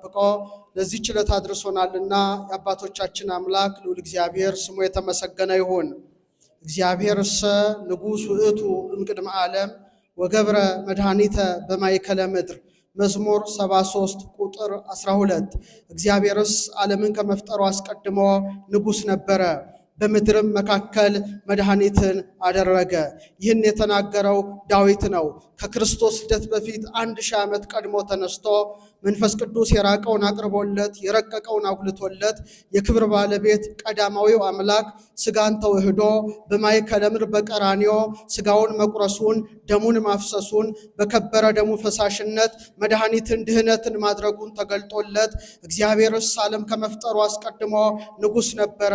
ጠብቆ ለዚህ ችለት አድርሶናልና የአባቶቻችን አምላክ ልዑል እግዚአብሔር ስሙ የተመሰገነ ይሁን። እግዚአብሔር እሰ ንጉሥ ውእቱ እምቅድመ ዓለም ወገብረ መድኃኒተ በማይከለ ምድር መዝሙር 73 ቁጥር 12 እግዚአብሔርስ ዓለምን ከመፍጠሩ አስቀድሞ ንጉሥ ነበረ፣ በምድርም መካከል መድኃኒትን አደረገ። ይህን የተናገረው ዳዊት ነው። ከክርስቶስ ልደት በፊት አንድ ሺህ ዓመት ቀድሞ ተነስቶ መንፈስ ቅዱስ የራቀውን አቅርቦለት የረቀቀውን አጉልቶለት የክብር ባለቤት ቀዳማዊው አምላክ ስጋን ተውህዶ በማእከለ ምድር በቀራንዮ ስጋውን መቁረሱን ደሙን ማፍሰሱን በከበረ ደሙ ፈሳሽነት መድኃኒትን ድህነትን ማድረጉን ተገልጦለት እግዚአብሔርስ ዓለም ከመፍጠሩ አስቀድሞ ንጉሥ ነበረ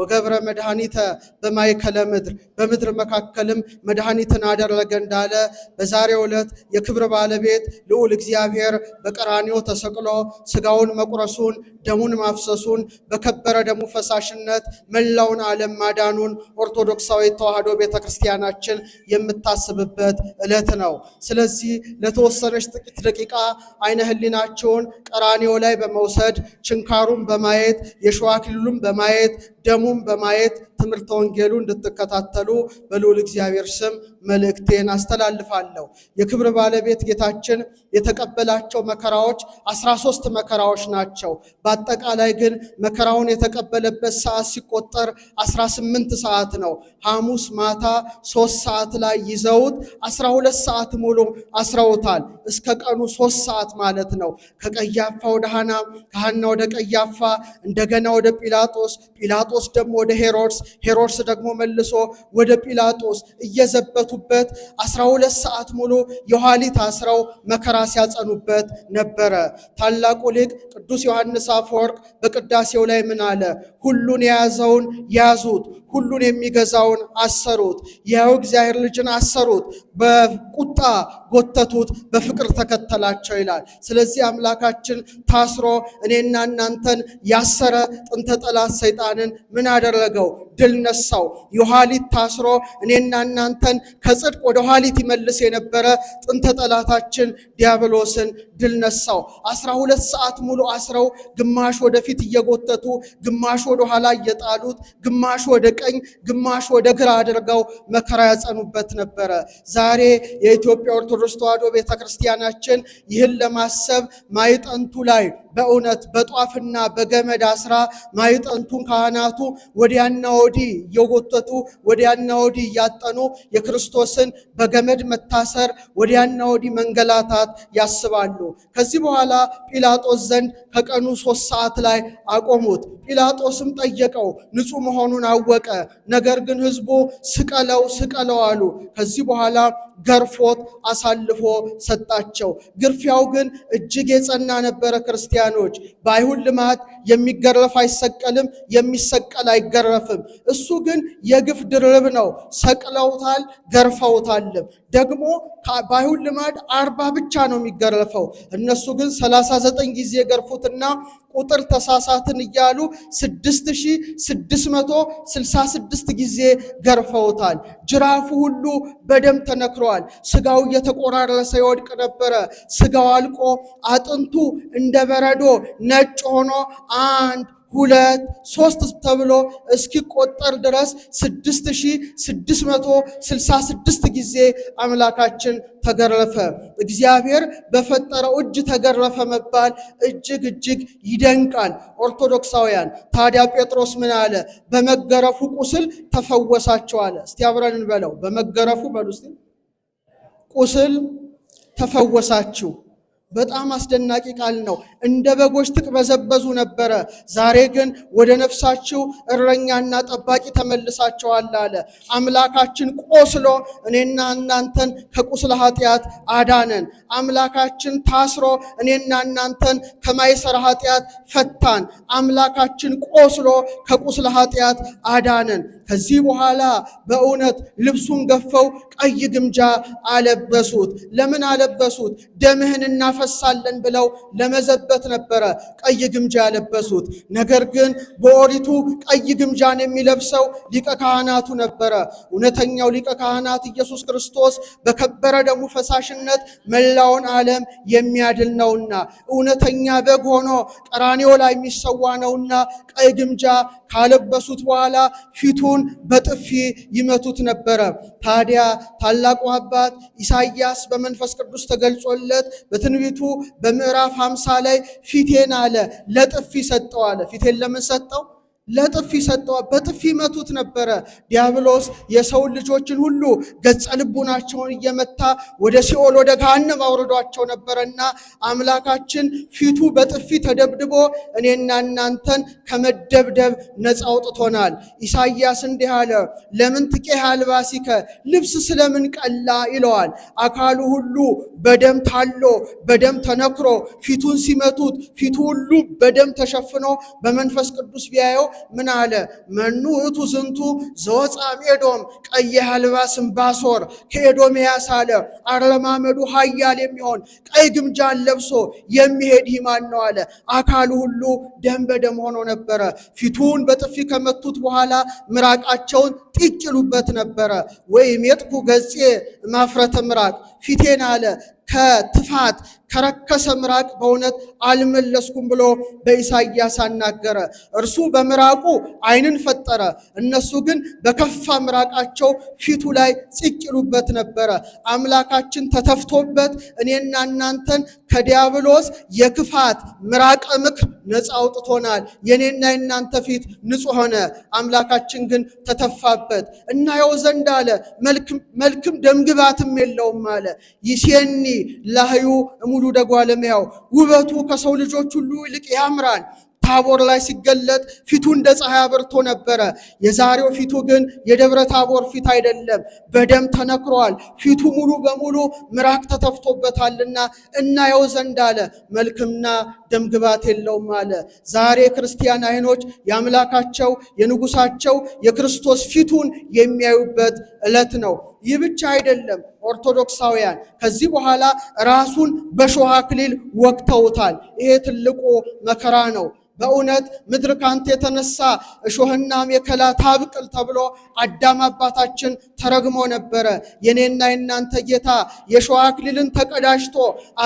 ወገብረ መድኃኒተ በማእከለ ምድር በምድር መካከልም መድኃኒትን አደረገ እንዳለ በዛሬው ዕለት የክብር ባለቤት ልዑል እግዚአብሔር በቀራንዮ በቀራንዮ ተሰቅሎ ስጋውን መቁረሱን ደሙን ማፍሰሱን በከበረ ደሙ ፈሳሽነት መላውን ዓለም ማዳኑን ኦርቶዶክሳዊ ተዋህዶ ቤተክርስቲያናችን የምታስብበት ዕለት ነው። ስለዚህ ለተወሰነች ጥቂት ደቂቃ አይነ ህሊናቸውን ቀራንዮ ላይ በመውሰድ ችንካሩን በማየት የሸዋ አክሊሉን በማየት ደሙን በማየት ትምህርተ ወንጌሉ እንድትከታተሉ በልዑል እግዚአብሔር ስም መልእክቴን አስተላልፋለሁ። የክብር ባለቤት ጌታችን የተቀበላቸው መከራዎች መከራዎች 13 መከራዎች ናቸው። በአጠቃላይ ግን መከራውን የተቀበለበት ሰዓት ሲቆጠር 18 ሰዓት ነው። ሐሙስ ማታ 3 ሰዓት ላይ ይዘውት 12 ሰዓት ሙሉ አስረውታል። እስከ ቀኑ 3 ሰዓት ማለት ነው። ከቀያፋ ወደ ሐና፣ ከሐና ወደ ቀያፋ፣ እንደገና ወደ ጲላጦስ፣ ጲላጦስ ደግሞ ወደ ሄሮድስ፣ ሄሮድስ ደግሞ መልሶ ወደ ጲላጦስ እየዘበቱበት 12 ሰዓት ሙሉ የኋሊት አስረው መከራ ሲያጸኑበት ነበር። ነበረ። ታላቁ ሊቅ ቅዱስ ዮሐንስ አፈወርቅ በቅዳሴው ላይ ምን አለ? ሁሉን የያዘውን ያዙት፣ ሁሉን የሚገዛውን አሰሩት፣ ያው እግዚአብሔር ልጅን አሰሩት፣ በቁጣ ጎተቱት፣ በፍቅር ተከተላቸው ይላል። ስለዚህ አምላካችን ታስሮ እኔና እናንተን ያሰረ ጥንተ ጠላት ሰይጣንን ምን አደረገው? ድል ነሳው። የኋሊት ታስሮ እኔና እናንተን ከጽድቅ ወደ ኋሊት ይመልስ የነበረ ጥንተ ጠላታችን ዲያብሎስን ድል ነሳ ተነሳው። አስራ ሁለት ሰዓት ሙሉ አስረው ግማሽ ወደፊት እየጎተቱ ግማሽ ወደ ኋላ እየጣሉት ግማሽ ወደ ቀኝ ግማሽ ወደ ግራ አድርገው መከራ ያጸኑበት ነበረ። ዛሬ የኢትዮጵያ ኦርቶዶክስ ተዋሕዶ ቤተክርስቲያናችን ይህን ለማሰብ ማይጠንቱ ላይ በእውነት በጧፍና በገመድ አስራ ማይጠንቱን ካህናቱ ወዲያና ወዲህ እየጎተቱ ወዲያና ወዲህ እያጠኑ የክርስቶስን በገመድ መታሰር ወዲያና ወዲህ መንገላታት ያስባሉ። ከዚህ ከዚህ በኋላ ጲላጦስ ዘንድ ከቀኑ ሶስት ሰዓት ላይ አቆሙት። ጲላጦስም ጠየቀው፣ ንጹሕ መሆኑን አወቀ። ነገር ግን ሕዝቡ ስቀለው ስቀለው አሉ። ከዚህ በኋላ ገርፎት አሳልፎ ሰጣቸው። ግርፊያው ግን እጅግ የጸና ነበረ። ክርስቲያኖች በአይሁድ ልማት የሚገረፍ አይሰቀልም፣ የሚሰቀል አይገረፍም። እሱ ግን የግፍ ድርብ ነው። ሰቅለውታል፣ ገርፈውታልም። ደግሞ በአይሁድ ልማድ አርባ ብቻ ነው የሚገረፈው። እነሱ ግን ሰላሳ ዘጠኝ ጊዜ ገርፉትና ቁጥር ተሳሳትን እያሉ 6666 ጊዜ ገርፈውታል። ጅራፉ ሁሉ በደም ተነክሯል። ይለዋል። ስጋው እየተቆራረሰ ይወድቅ ነበረ። ስጋው አልቆ አጥንቱ እንደ በረዶ ነጭ ሆኖ አንድ ሁለት ሶስት ተብሎ እስኪቆጠር ድረስ 6666 ጊዜ አምላካችን ተገረፈ። እግዚአብሔር በፈጠረው እጅ ተገረፈ መባል እጅግ እጅግ ይደንቃል። ኦርቶዶክሳውያን ታዲያ ጴጥሮስ ምን አለ? በመገረፉ ቁስል ተፈወሳቸው አለ። እስቲ አብረን እንበለው። በመገረፉ በሉ ቁስል ተፈወሳችሁ። በጣም አስደናቂ ቃል ነው። እንደ በጎች ትቅበዘበዙ ነበረ። ዛሬ ግን ወደ ነፍሳችሁ እረኛና ጠባቂ ተመልሳችኋል አለ። አምላካችን ቆስሎ እኔና እናንተን ከቁስለ ኃጢአት አዳነን። አምላካችን ታስሮ እኔና እናንተን ከማይሰር ኃጢአት ፈታን። አምላካችን ቆስሎ ከቁስለ ኃጢአት አዳነን። ከዚህ በኋላ በእውነት ልብሱን ገፈው ቀይ ግምጃ አለበሱት። ለምን አለበሱት? ደምህን እናፈሳለን ብለው ለመዘበ ያለበት ነበረ፣ ቀይ ግምጃ ያለበሱት። ነገር ግን በኦሪቱ ቀይ ግምጃን የሚለብሰው ሊቀ ካህናቱ ነበረ። እውነተኛው ሊቀ ካህናት ኢየሱስ ክርስቶስ በከበረ ደሙ ፈሳሽነት መላውን ዓለም የሚያድል ነውና እውነተኛ በግ ሆኖ ቀራንዮ ላይ የሚሰዋ ነውና ቀይ ግምጃ ካለበሱት በኋላ ፊቱን በጥፊ ይመቱት ነበረ። ታዲያ ታላቁ አባት ኢሳያስ በመንፈስ ቅዱስ ተገልጾለት በትንቢቱ በምዕራፍ 50 ላይ ፊቴን አለ ለጥፊ ሰጠው አለ። ፊቴን ለምን ሰጠው? ለጥፊ ሰጠዋል። በጥፊ መቱት ነበረ። ዲያብሎስ የሰው ልጆችን ሁሉ ገጸ ልቡናቸውን እየመታ ወደ ሲኦል ወደ ገሃነም አውርዷቸው ነበረና አምላካችን ፊቱ በጥፊ ተደብድቦ እኔና እናንተን ከመደብደብ ነፃ አውጥቶናል። ኢሳይያስ እንዲህ አለ፣ ለምን ትቄሃ አልባሲከ ልብስ ስለምን ቀላ ይለዋል። አካሉ ሁሉ በደም ታሎ በደም ተነክሮ ፊቱን ሲመቱት ፊቱ ሁሉ በደም ተሸፍኖ በመንፈስ ቅዱስ ቢያየው ምን አለ? መኑ ውእቱ ዝንቱ ዘወፃም ኤዶም ቀየ አልባስም ባሶር ከኤዶምያስ አለ አረማመዱ ኃያል የሚሆን ቀይ ግምጃን ለብሶ የሚሄድ ይማን ነው አለ። አካሉ ሁሉ ደም በደም ሆኖ ነበረ። ፊቱን በጥፊ ከመቱት በኋላ ምራቃቸውን ጥቅ ይሉበት ነበረ። ወይም የጥኩ ገጼ ማፍረተ ምራቅ ፊቴን አለ ከትፋት ከረከሰ ምራቅ በእውነት አልመለስኩም ብሎ በኢሳይያስ አናገረ። እርሱ በምራቁ ዓይንን ፈጠረ፣ እነሱ ግን በከፋ ምራቃቸው ፊቱ ላይ ጽቅ ይሉበት ነበረ። አምላካችን ተተፍቶበት እኔና እናንተን ከዲያብሎስ የክፋት ምራቀ ምክ ነፃ አውጥቶናል። የኔና የናንተ ፊት ንጹህ ሆነ። አምላካችን ግን ተተፋበት። እናየው ዘንድ አለ መልክም ደምግባትም የለውም አለ ይሴኒ ላህዩ ሙሉ ደጓ ለሚያው ውበቱ ከሰው ልጆች ሁሉ ይልቅ ያምራል። ታቦር ላይ ሲገለጥ ፊቱ እንደ ፀሐይ አብርቶ ነበረ። የዛሬው ፊቱ ግን የደብረ ታቦር ፊት አይደለም፣ በደም ተነክሯል። ፊቱ ሙሉ በሙሉ ምራቅ ተተፍቶበታልና እናየው ዘንድ አለ። መልክምና ግባት የለውም አለ። ዛሬ ክርስቲያን አይኖች የአምላካቸው የንጉሳቸው የክርስቶስ ፊቱን የሚያዩበት ዕለት ነው። ይህ ብቻ አይደለም። ኦርቶዶክሳውያን ከዚህ በኋላ ራሱን በሾህ አክሊል ወቅተውታል። ይሄ ትልቁ መከራ ነው። በእውነት ምድር ካንተ የተነሳ እሾህና አሜከላ ታብቅል ተብሎ አዳም አባታችን ተረግሞ ነበረ። የኔና የናንተ ጌታ የእሾህ አክሊልን ተቀዳጅቶ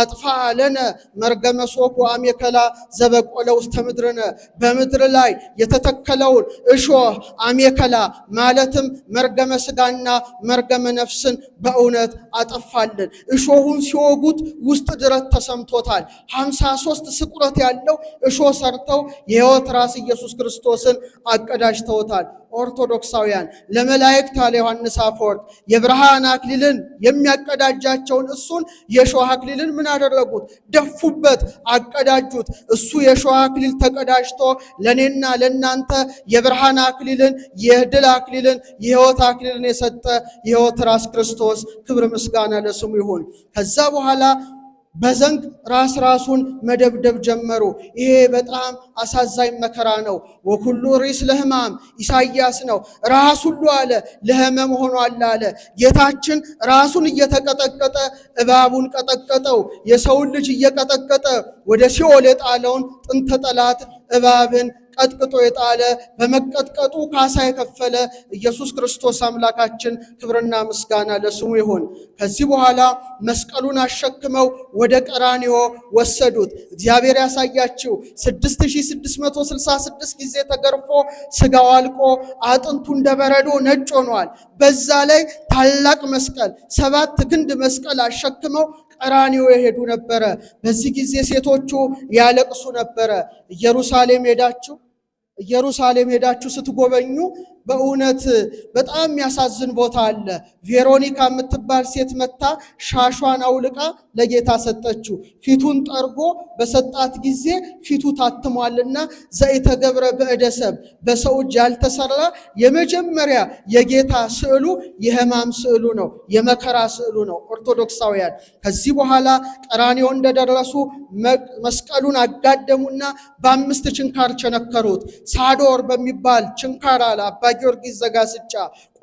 አጥፋ ለነ መርገመ ሶኩ አሜከላ ዘበቆለ ውስተ ምድርነ በምድር ላይ የተተከለውን እሾህ አሜከላ ማለትም መርገመ ስጋና መርገመ ነፍስን በእውነት አጠፋልን። እሾሁን ሲወጉት ውስጥ ድረት ተሰምቶታል። ሀምሳ ሶስት ስቁረት ያለው እሾህ ሰርተው የሕይወት ራስ ኢየሱስ ክርስቶስን አቀዳጅተውታል። ኦርቶዶክሳውያን ለመላእክት አለ ዮሐንስ አፈወርቅ የብርሃን አክሊልን የሚያቀዳጃቸውን እሱን የሾህ አክሊልን ምን አደረጉት? ደፉበት፣ አቀዳጁት። እሱ የሾህ አክሊል ተቀዳጅቶ ለእኔና ለእናንተ የብርሃን አክሊልን፣ የድል አክሊልን፣ የሕይወት አክሊልን የሰጠ የሕይወት ራስ ክርስቶስ ክብር ምስጋና ለስሙ ይሁን። ከዛ በኋላ በዘንግ ራስ ራሱን መደብደብ ጀመሩ። ይሄ በጣም አሳዛኝ መከራ ነው። ወኩሉ ሪስ ለህማም ኢሳይያስ ነው። ራስ ሁሉ አለ ለህመም ሆኗል አለ። ጌታችን ራሱን እየተቀጠቀጠ እባቡን ቀጠቀጠው። የሰውን ልጅ እየቀጠቀጠ ወደ ሲኦል የጣለውን ጥንተ ጠላት እባብን ቀጥቅጦ የጣለ በመቀጥቀጡ ካሳ የከፈለ ኢየሱስ ክርስቶስ አምላካችን ክብርና ምስጋና ለስሙ ይሁን። ከዚህ በኋላ መስቀሉን አሸክመው ወደ ቀራኒዮ ወሰዱት። እግዚአብሔር ያሳያችው 6666 ጊዜ ተገርፎ ስጋው አልቆ አጥንቱ እንደበረዶ ነጭ ሆኗል። በዛ ላይ ታላቅ መስቀል ሰባት ግንድ መስቀል አሸክመው ቀራኒዮ የሄዱ ነበረ። በዚህ ጊዜ ሴቶቹ ያለቅሱ ነበረ። ኢየሩሳሌም ሄዳችሁ ኢየሩሳሌም ሄዳችሁ ስትጎበኙ በእውነት በጣም የሚያሳዝን ቦታ አለ። ቬሮኒካ የምትባል ሴት መታ ሻሿን አውልቃ ለጌታ ሰጠችው። ፊቱን ጠርጎ በሰጣት ጊዜ ፊቱ ታትሟልና ዘኢተገብረ ብዕደ ሰብ በሰው እጅ ያልተሰራ የመጀመሪያ የጌታ ስዕሉ የህማም ስዕሉ ነው፣ የመከራ ስዕሉ ነው። ኦርቶዶክሳውያን ከዚህ በኋላ ቀራንዮ እንደደረሱ መስቀሉን አጋደሙና በአምስት ችንካር ቸነከሩት። ሳዶር በሚባል ችንካር አለ አባ ጊዮርጊስ ዘጋስጫ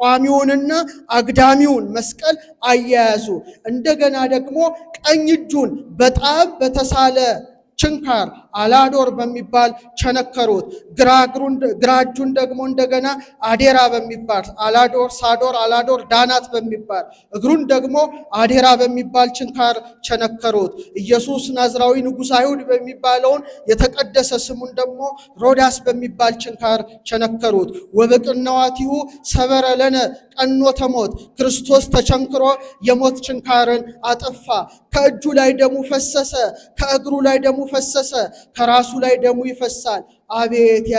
ቋሚውንና አግዳሚውን መስቀል አያያዙ እንደገና ደግሞ ቀኝ እጁን በጣም በተሳለ ችንካር አላዶር በሚባል ቸነከሩት። ግራ እጁን ደግሞ እንደገና አዴራ በሚባል አላዶር ሳዶር አላዶር ዳናት በሚባል እግሩን ደግሞ አዴራ በሚባል ችንካር ቸነከሩት። ኢየሱስ ናዝራዊ ንጉሥ አይሁድ በሚባለውን የተቀደሰ ስሙን ደግሞ ሮዳስ በሚባል ችንካር ቸነከሩት። ወበቅናዋቲሁ ሰበረ ለነ ቀኖ ተሞት ክርስቶስ ተቸንክሮ የሞት ችንካርን አጠፋ። ከእጁ ላይ ደሙ ፈሰሰ፣ ከእግሩ ላይ ደሙ ፈሰሰ። ከራሱ ላይ ደሙ ይፈሳል። አቤት ያ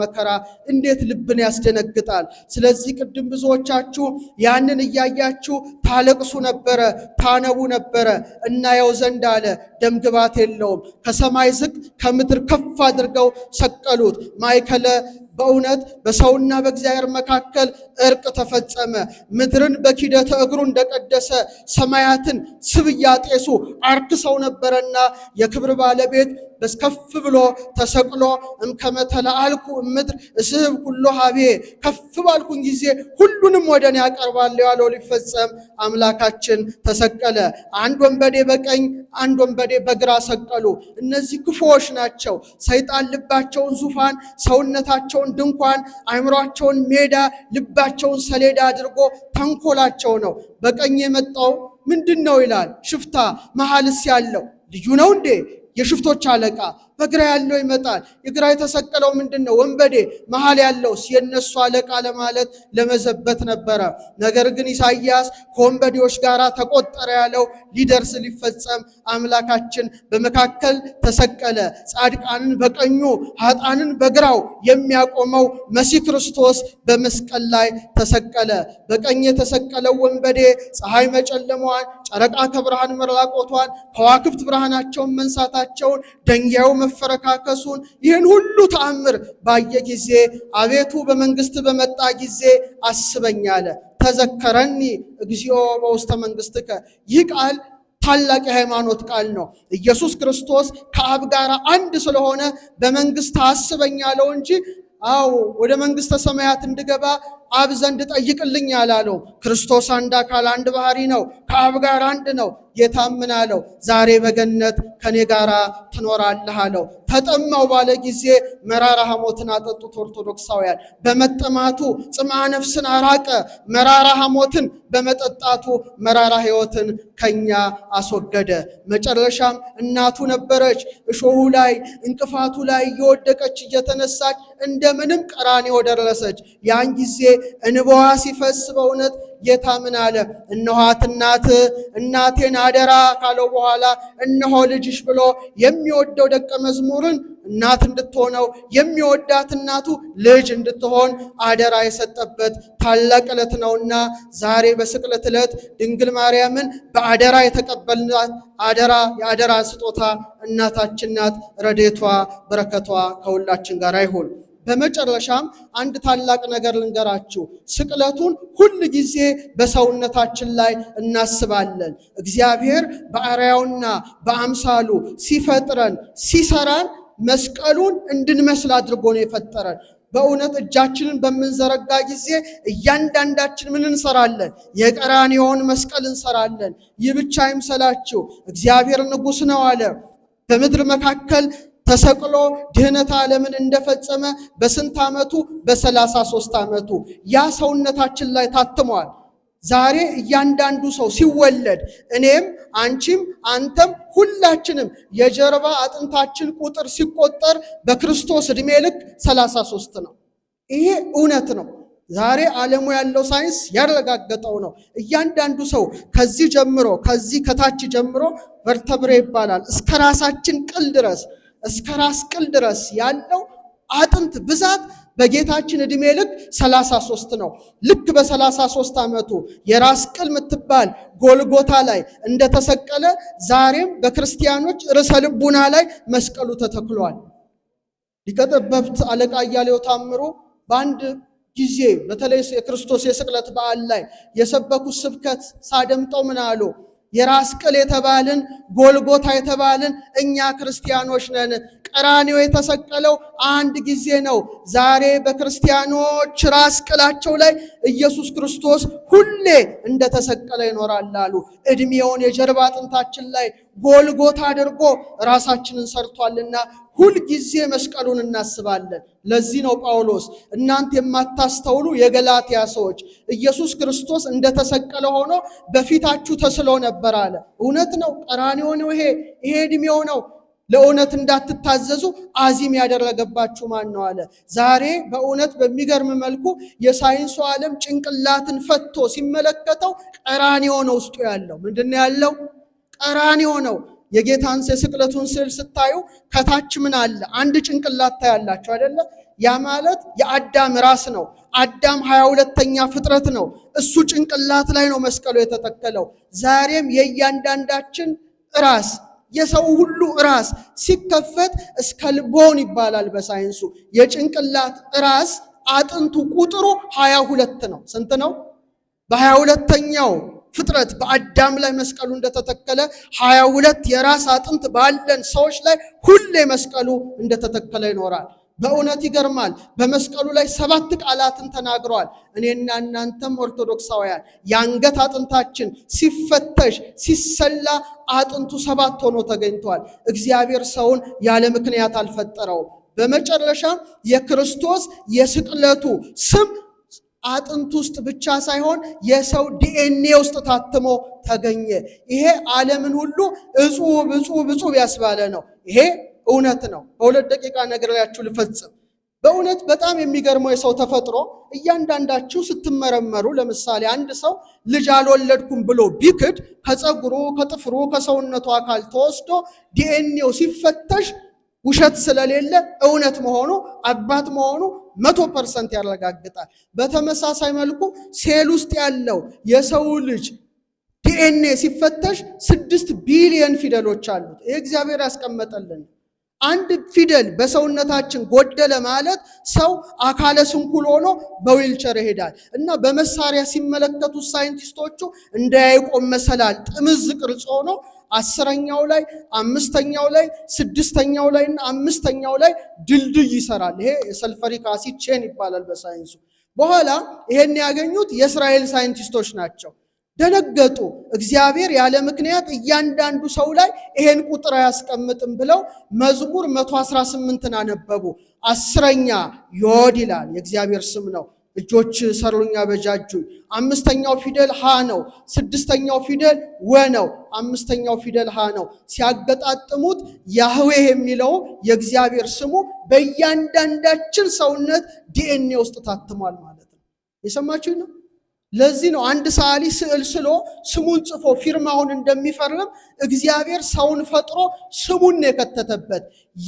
መከራ እንዴት ልብን ያስደነግጣል! ስለዚህ ቅድም ብዙዎቻችሁ ያንን እያያችሁ ታለቅሱ ነበረ፣ ታነቡ ነበረ። እናየው ዘንድ አለ ደምግባት የለውም። ከሰማይ ዝቅ ከምድር ከፍ አድርገው ሰቀሉት። ማይከለ በእውነት በሰውና በእግዚአብሔር መካከል እርቅ ተፈጸመ። ምድርን በኪደተ እግሩ እንደቀደሰ ሰማያትን ስብ እያጤሱ አርክሰው ነበረና የክብር ባለቤት በስከፍ ብሎ ተሰቅሎ እምከመ ተለአልኩ እምድር እስህብ ሁሎ ሀቤ ከፍ ባልኩን ጊዜ ሁሉንም ወደ እኔ ያቀርባለሁ ያለው ሊፈጸም አምላካችን ተሰቀለ። አንድ ወንበዴ በቀኝ አንድ ወንበዴ በግራ ሰቀሉ። እነዚህ ክፉዎች ናቸው። ሰይጣን ልባቸውን ዙፋን፣ ሰውነታቸውን ድንኳን፣ አይምሯቸውን ሜዳ፣ ልባቸውን ሰሌዳ አድርጎ ተንኮላቸው ነው። በቀኝ የመጣው ምንድን ነው ይላል። ሽፍታ መሐልስ ያለው ልዩ ነው እንዴ? የሽፍቶች አለቃ በግራ ያለው ይመጣል። የግራ የተሰቀለው ምንድን ነው? ወንበዴ። መሀል ያለውስ የነሱ አለቃ ለማለት ለመዘበት ነበረ። ነገር ግን ኢሳይያስ ከወንበዴዎች ጋር ተቆጠረ ያለው ሊደርስ ሊፈጸም አምላካችን በመካከል ተሰቀለ። ጻድቃንን በቀኙ ሀጣንን በግራው የሚያቆመው መሲህ ክርስቶስ በመስቀል ላይ ተሰቀለ። በቀኝ የተሰቀለው ወንበዴ ፀሐይ መጨለሟን፣ ጨረቃ ከብርሃን መራቆቷን፣ ከዋክብት ብርሃናቸውን መንሳታቸውን፣ ደንጊያው መፈረካከሱን ይህን ሁሉ ተአምር ባየ ጊዜ አቤቱ በመንግስት በመጣ ጊዜ አስበኛለ ተዘከረኒ እግዚኦ በውስተ መንግስትከ። ይህ ቃል ታላቅ የሃይማኖት ቃል ነው። ኢየሱስ ክርስቶስ ከአብ ጋር አንድ ስለሆነ በመንግስት አስበኝ እንጂ አው ወደ መንግስተ ሰማያት እንድገባ አብ ዘንድ ጠይቅልኝ አላለው። ክርስቶስ አንድ አካል አንድ ባህሪ ነው፣ ከአብ ጋር አንድ ነው። ጌታምን አለው ዛሬ በገነት ከኔ ጋር ትኖራለህ አለው። ተጠማው ባለ ጊዜ መራራ ሐሞትን አጠጡት። ኦርቶዶክሳውያን በመጠማቱ ጽምአ ነፍስን አራቀ። መራራ ሐሞትን በመጠጣቱ መራራ ሕይወትን ከኛ አስወገደ። መጨረሻም እናቱ ነበረች። እሾሁ ላይ እንቅፋቱ ላይ እየወደቀች እየተነሳች እንደምንም ቀራንዮ ደረሰች። ያን ጊዜ እንባዋ ሲፈስ በእውነት ጌታ ምን አለ? እነኋት እናት እናቴን አደራ ካለው በኋላ እነሆ ልጅሽ ብሎ የሚወደው ደቀ መዝሙርን እናት እንድትሆነው የሚወዳት እናቱ ልጅ እንድትሆን አደራ የሰጠበት ታላቅ ዕለት ነውና ዛሬ በስቅለት ዕለት ድንግል ማርያምን በአደራ የተቀበልናት አደራ የአደራ ስጦታ እናታችን ናት። ረዴቷ በረከቷ ከሁላችን ጋር አይሁን። በመጨረሻም አንድ ታላቅ ነገር ልንገራችሁ። ስቅለቱን ሁል ጊዜ በሰውነታችን ላይ እናስባለን። እግዚአብሔር በአርያውና በአምሳሉ ሲፈጥረን ሲሰራን መስቀሉን እንድንመስል አድርጎ ነው የፈጠረን። በእውነት እጃችንን በምንዘረጋ ጊዜ እያንዳንዳችን ምን እንሰራለን? የቀራንዮውን መስቀል እንሰራለን። ይህ ብቻ ይምሰላችሁ፣ እግዚአብሔር ንጉሥ ነው አለ። በምድር መካከል ተሰቅሎ ድህነት ዓለምን እንደፈጸመ በስንት ዓመቱ? በሰላሳ ሶስት ዓመቱ ያ ሰውነታችን ላይ ታትሟል። ዛሬ እያንዳንዱ ሰው ሲወለድ እኔም አንቺም አንተም ሁላችንም የጀርባ አጥንታችን ቁጥር ሲቆጠር በክርስቶስ ዕድሜ ልክ 33 ነው። ይሄ እውነት ነው። ዛሬ ዓለሙ ያለው ሳይንስ ያረጋገጠው ነው። እያንዳንዱ ሰው ከዚህ ጀምሮ ከዚህ ከታች ጀምሮ ቨርተብሬ ይባላል እስከ ራሳችን ቅል ድረስ እስከ ራስ ቅል ድረስ ያለው አጥንት ብዛት በጌታችን ዕድሜ ልክ 33 ነው። ልክ በ33 ዓመቱ የራስ ቅል የምትባል ጎልጎታ ላይ እንደተሰቀለ ዛሬም በክርስቲያኖች ርዕሰ ልቡና ላይ መስቀሉ ተተክሏል። ሊቀ ጠበብት አለቃ እያሌው ታምሩ በአንድ ጊዜ በተለይ የክርስቶስ የስቅለት በዓል ላይ የሰበኩት ስብከት ሳደምጠው ምን አሉ? የራስ ቅል የተባልን ጎልጎታ የተባልን እኛ ክርስቲያኖች ነን። ቀራኔው የተሰቀለው አንድ ጊዜ ነው። ዛሬ በክርስቲያኖች ራስ ቅላቸው ላይ ኢየሱስ ክርስቶስ ሁሌ እንደተሰቀለ ይኖራል አሉ። እድሜውን የጀርባ አጥንታችን ላይ ጎልጎታ አድርጎ ራሳችንን ሰርቷልና ሁልጊዜ መስቀሉን እናስባለን። ለዚህ ነው ጳውሎስ እናንተ የማታስተውሉ የገላትያ ሰዎች ኢየሱስ ክርስቶስ እንደተሰቀለ ሆኖ በፊታችሁ ተስሎ ነበር አለ። እውነት ነው። ቀራንዮ ነው። ይሄ ይሄ ዕድሜው ነው። ለእውነት እንዳትታዘዙ አዚም ያደረገባችሁ ማን ነው አለ። ዛሬ በእውነት በሚገርም መልኩ የሳይንሱ ዓለም ጭንቅላትን ፈቶ ሲመለከተው ቀራንዮ ነው ውስጡ ያለው ምንድን ነው ያለው? ቀራንዮ ነው። የጌታን የስቅለቱን ስዕል ስታዩ ከታች ምን አለ? አንድ ጭንቅላት ታያላችሁ አይደለ? ያ ማለት የአዳም ራስ ነው። አዳም ሀያ ሁለተኛ ፍጥረት ነው። እሱ ጭንቅላት ላይ ነው መስቀሉ የተተከለው። ዛሬም የእያንዳንዳችን ራስ የሰው ሁሉ ራስ ሲከፈት እስከ ልቦን ይባላል በሳይንሱ። የጭንቅላት ራስ አጥንቱ ቁጥሩ ሀያ ሁለት ነው። ስንት ነው? በሀያ ሁለተኛው ፍጥረት በአዳም ላይ መስቀሉ እንደተተከለ ሀያ ሁለት የራስ አጥንት ባለን ሰዎች ላይ ሁሌ መስቀሉ እንደተተከለ ይኖራል። በእውነት ይገርማል። በመስቀሉ ላይ ሰባት ቃላትን ተናግረዋል። እኔና እናንተም ኦርቶዶክሳውያን የአንገት አጥንታችን ሲፈተሽ ሲሰላ አጥንቱ ሰባት ሆኖ ተገኝቷል። እግዚአብሔር ሰውን ያለ ምክንያት አልፈጠረውም። በመጨረሻ የክርስቶስ የስቅለቱ ስም አጥንት ውስጥ ብቻ ሳይሆን የሰው ዲኤንኤ ውስጥ ታትሞ ተገኘ። ይሄ ዓለምን ሁሉ እጹብ እጹብ እጹብ ያስባለ ነው። ይሄ እውነት ነው። በሁለት ደቂቃ ነግሬያችሁ ልፈጽም። በእውነት በጣም የሚገርመው የሰው ተፈጥሮ እያንዳንዳችሁ ስትመረመሩ፣ ለምሳሌ አንድ ሰው ልጅ አልወለድኩም ብሎ ቢክድ ከፀጉሩ፣ ከጥፍሩ፣ ከሰውነቱ አካል ተወስዶ ዲኤንኤው ሲፈተሽ ውሸት ስለሌለ እውነት መሆኑ አባት መሆኑ መቶ ፐርሰንት ያረጋግጣል። በተመሳሳይ መልኩ ሴል ውስጥ ያለው የሰው ልጅ ዲኤንኤ ሲፈተሽ ስድስት ቢሊየን ፊደሎች አሉት። ይህ እግዚአብሔር ያስቀመጠልን አንድ ፊደል በሰውነታችን ጎደለ ማለት ሰው አካለ ስንኩል ሆኖ በዊልቸር ይሄዳል እና በመሳሪያ ሲመለከቱት ሳይንቲስቶቹ እንደ መሰላል ጥምዝ ቅርጽ ሆኖ አስረኛው ላይ አምስተኛው ላይ ስድስተኛው ላይ እና አምስተኛው ላይ ድልድይ ይሰራል። ይሄ የሰልፈሪክ አሲድ ቼን ይባላል በሳይንሱ። በኋላ ይሄን ያገኙት የእስራኤል ሳይንቲስቶች ናቸው። ደነገጡ። እግዚአብሔር ያለ ምክንያት እያንዳንዱ ሰው ላይ ይሄን ቁጥር አያስቀምጥም ብለው መዝሙር 118ን አነበቡ። አስረኛ ዮድ ይላል የእግዚአብሔር ስም ነው። እጆች ሰሩኛ በጃጁ አምስተኛው ፊደል ሀ ነው። ስድስተኛው ፊደል ወ ነው። አምስተኛው ፊደል ሀ ነው። ሲያገጣጥሙት ያህዌ የሚለው የእግዚአብሔር ስሙ በእያንዳንዳችን ሰውነት ዲኤንኤ ውስጥ ታትሟል ማለት ነው። የሰማችሁኝ ነው። ለዚህ ነው አንድ ሰዓሊ ስዕል ስሎ ስሙን ጽፎ ፊርማውን እንደሚፈርም እግዚአብሔር ሰውን ፈጥሮ ስሙን የከተተበት።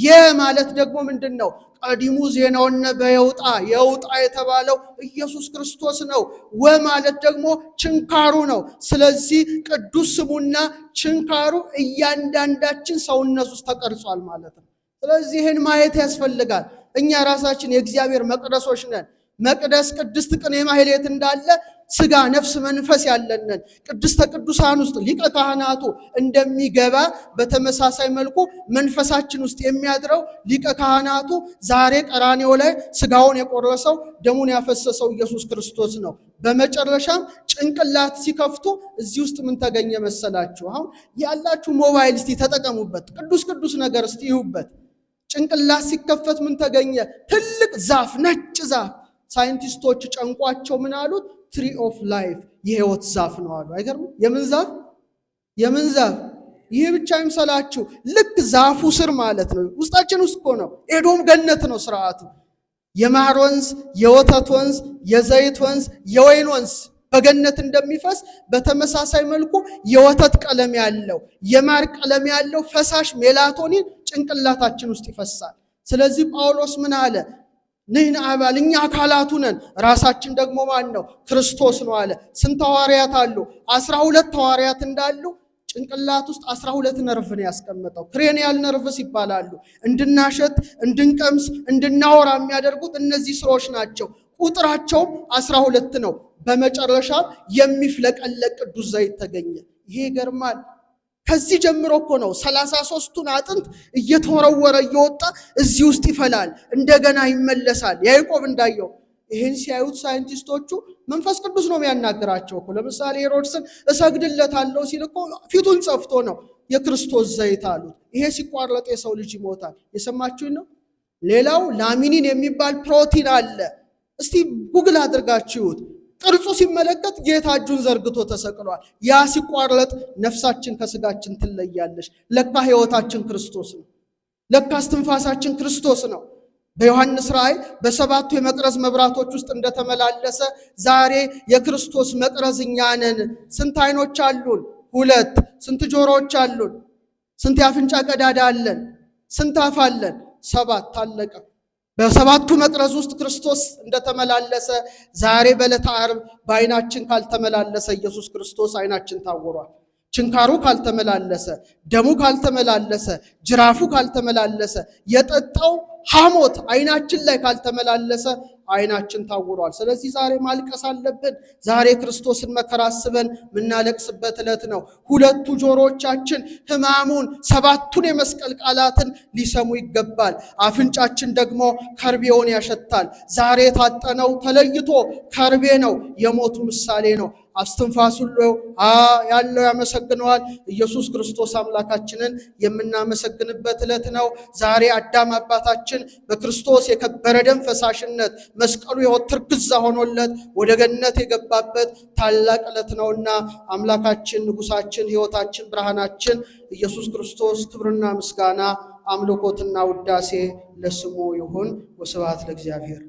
የ ማለት ደግሞ ምንድን ነው? ቀዲሙ ዜናውነ በየውጣ የውጣ የተባለው ኢየሱስ ክርስቶስ ነው። ወ ማለት ደግሞ ችንካሩ ነው። ስለዚህ ቅዱስ ስሙና ችንካሩ እያንዳንዳችን ሰውነት ውስጥ ተቀርጿል ማለት ነው። ስለዚህ ይህን ማየት ያስፈልጋል። እኛ ራሳችን የእግዚአብሔር መቅደሶች ነን። መቅደስ ቅድስት ቅኔ ማህሌት እንዳለ ስጋ ነፍስ መንፈስ ያለንን ቅድስተ ቅዱሳን ውስጥ ሊቀ ካህናቱ እንደሚገባ በተመሳሳይ መልኩ መንፈሳችን ውስጥ የሚያድረው ሊቀ ካህናቱ ዛሬ ቀራኔው ላይ ስጋውን የቆረሰው ደሙን ያፈሰሰው ኢየሱስ ክርስቶስ ነው። በመጨረሻም ጭንቅላት ሲከፍቱ እዚህ ውስጥ ምን ተገኘ መሰላችሁ? አሁን ያላችሁ ሞባይል እስቲ ተጠቀሙበት። ቅዱስ ቅዱስ ነገር እስቲ ይሁበት። ጭንቅላት ሲከፈት ምን ተገኘ? ትልቅ ዛፍ፣ ነጭ ዛፍ ሳይንቲስቶች ጨንቋቸው ምን አሉት? ትሪ ኦፍ ላይፍ የህይወት ዛፍ ነው አሉ። አይገርም? የምን ዛፍ የምን ዛፍ? ይህ ብቻ ይምሰላችሁ፣ ልክ ዛፉ ስር ማለት ነው። ውስጣችን ውስጥ እኮ ነው። ኤዶም ገነት ነው ስርዓቱ። የማር ወንዝ፣ የወተት ወንዝ፣ የዘይት ወንዝ፣ የወይን ወንዝ በገነት እንደሚፈስ በተመሳሳይ መልኩ የወተት ቀለም ያለው የማር ቀለም ያለው ፈሳሽ ሜላቶኒን ጭንቅላታችን ውስጥ ይፈሳል። ስለዚህ ጳውሎስ ምን አለ? ንህን አባል እኛ አካላቱ ነን። ራሳችን ደግሞ ማን ነው? ክርስቶስ ነው አለ። ስንት ሐዋርያት አሉ? አስራ ሁለት ሐዋርያት እንዳሉ ጭንቅላት ውስጥ አስራ ሁለት ነርቭ ነው ያስቀመጠው። ክሬኒያል ነርቭስ ይባላሉ። እንድናሸት፣ እንድንቀምስ፣ እንድናወራ የሚያደርጉት እነዚህ ስሮች ናቸው። ቁጥራቸውም አስራ ሁለት ነው። በመጨረሻ የሚፍለቀለቅ ቅዱስ ዘይት ተገኘ። ይሄ ይገርማል። ከዚህ ጀምሮ እኮ ነው ሰላሳ ሶስቱን አጥንት እየተወረወረ እየወጣ እዚህ ውስጥ ይፈላል፣ እንደገና ይመለሳል። ያዕቆብ እንዳየው ይህን ሲያዩት ሳይንቲስቶቹ መንፈስ ቅዱስ ነው የሚያናግራቸው እኮ። ለምሳሌ ሄሮድስን እሰግድለታለሁ ሲል እኮ ፊቱን ጸፍቶ ነው የክርስቶስ ዘይት አሉት። ይሄ ሲቋረጥ የሰው ልጅ ይሞታል። የሰማችሁኝ ነው። ሌላው ላሚኒን የሚባል ፕሮቲን አለ። እስቲ ጉግል አድርጋችሁት ቅርጹ ሲመለከት ጌታ እጁን ዘርግቶ ተሰቅሏል። ያ ሲቋረጥ ነፍሳችን ከስጋችን ትለያለች። ለካ ህይወታችን ክርስቶስ ነው። ለካ እስትንፋሳችን ክርስቶስ ነው። በዮሐንስ ራእይ በሰባቱ የመቅረዝ መብራቶች ውስጥ እንደተመላለሰ ዛሬ የክርስቶስ መቅረዝ እኛ ነን። ስንት አይኖች አሉን? ሁለት። ስንት ጆሮዎች አሉን? ስንት የአፍንጫ ቀዳዳ አለን? ስንት አፍ አለን? ሰባት። አለቀ። በሰባቱ መቅረዝ ውስጥ ክርስቶስ እንደተመላለሰ ዛሬ በዕለተ ዓርብ በዓይናችን ካልተመላለሰ ኢየሱስ ክርስቶስ ዓይናችን ታውሯል። ችንካሩ ካልተመላለሰ፣ ደሙ ካልተመላለሰ፣ ጅራፉ ካልተመላለሰ፣ የጠጣው ሐሞት ዓይናችን ላይ ካልተመላለሰ አይናችን ታውሯል። ስለዚህ ዛሬ ማልቀስ አለብን። ዛሬ ክርስቶስን መከራ አስበን የምናለቅስበት ዕለት ነው። ሁለቱ ጆሮዎቻችን ሕማሙን ሰባቱን የመስቀል ቃላትን ሊሰሙ ይገባል። አፍንጫችን ደግሞ ከርቤውን ያሸታል። ዛሬ የታጠነው ተለይቶ ከርቤ ነው፣ የሞቱ ምሳሌ ነው። አስትንፋስ ሁሉ ያለው ያመሰግነዋል። ኢየሱስ ክርስቶስ አምላካችንን የምናመሰግንበት ዕለት ነው። ዛሬ አዳም አባታችን በክርስቶስ የከበረ ደም ፈሳሽነት መስቀሉ የወት ትርግዛ ሆኖለት ወደ ገነት የገባበት ታላቅ ዕለት ነውና አምላካችን፣ ንጉሳችን፣ ሕይወታችን፣ ብርሃናችን ኢየሱስ ክርስቶስ ክብርና ምስጋና አምልኮትና ውዳሴ ለስሙ ይሁን። ወስብሐት ለእግዚአብሔር።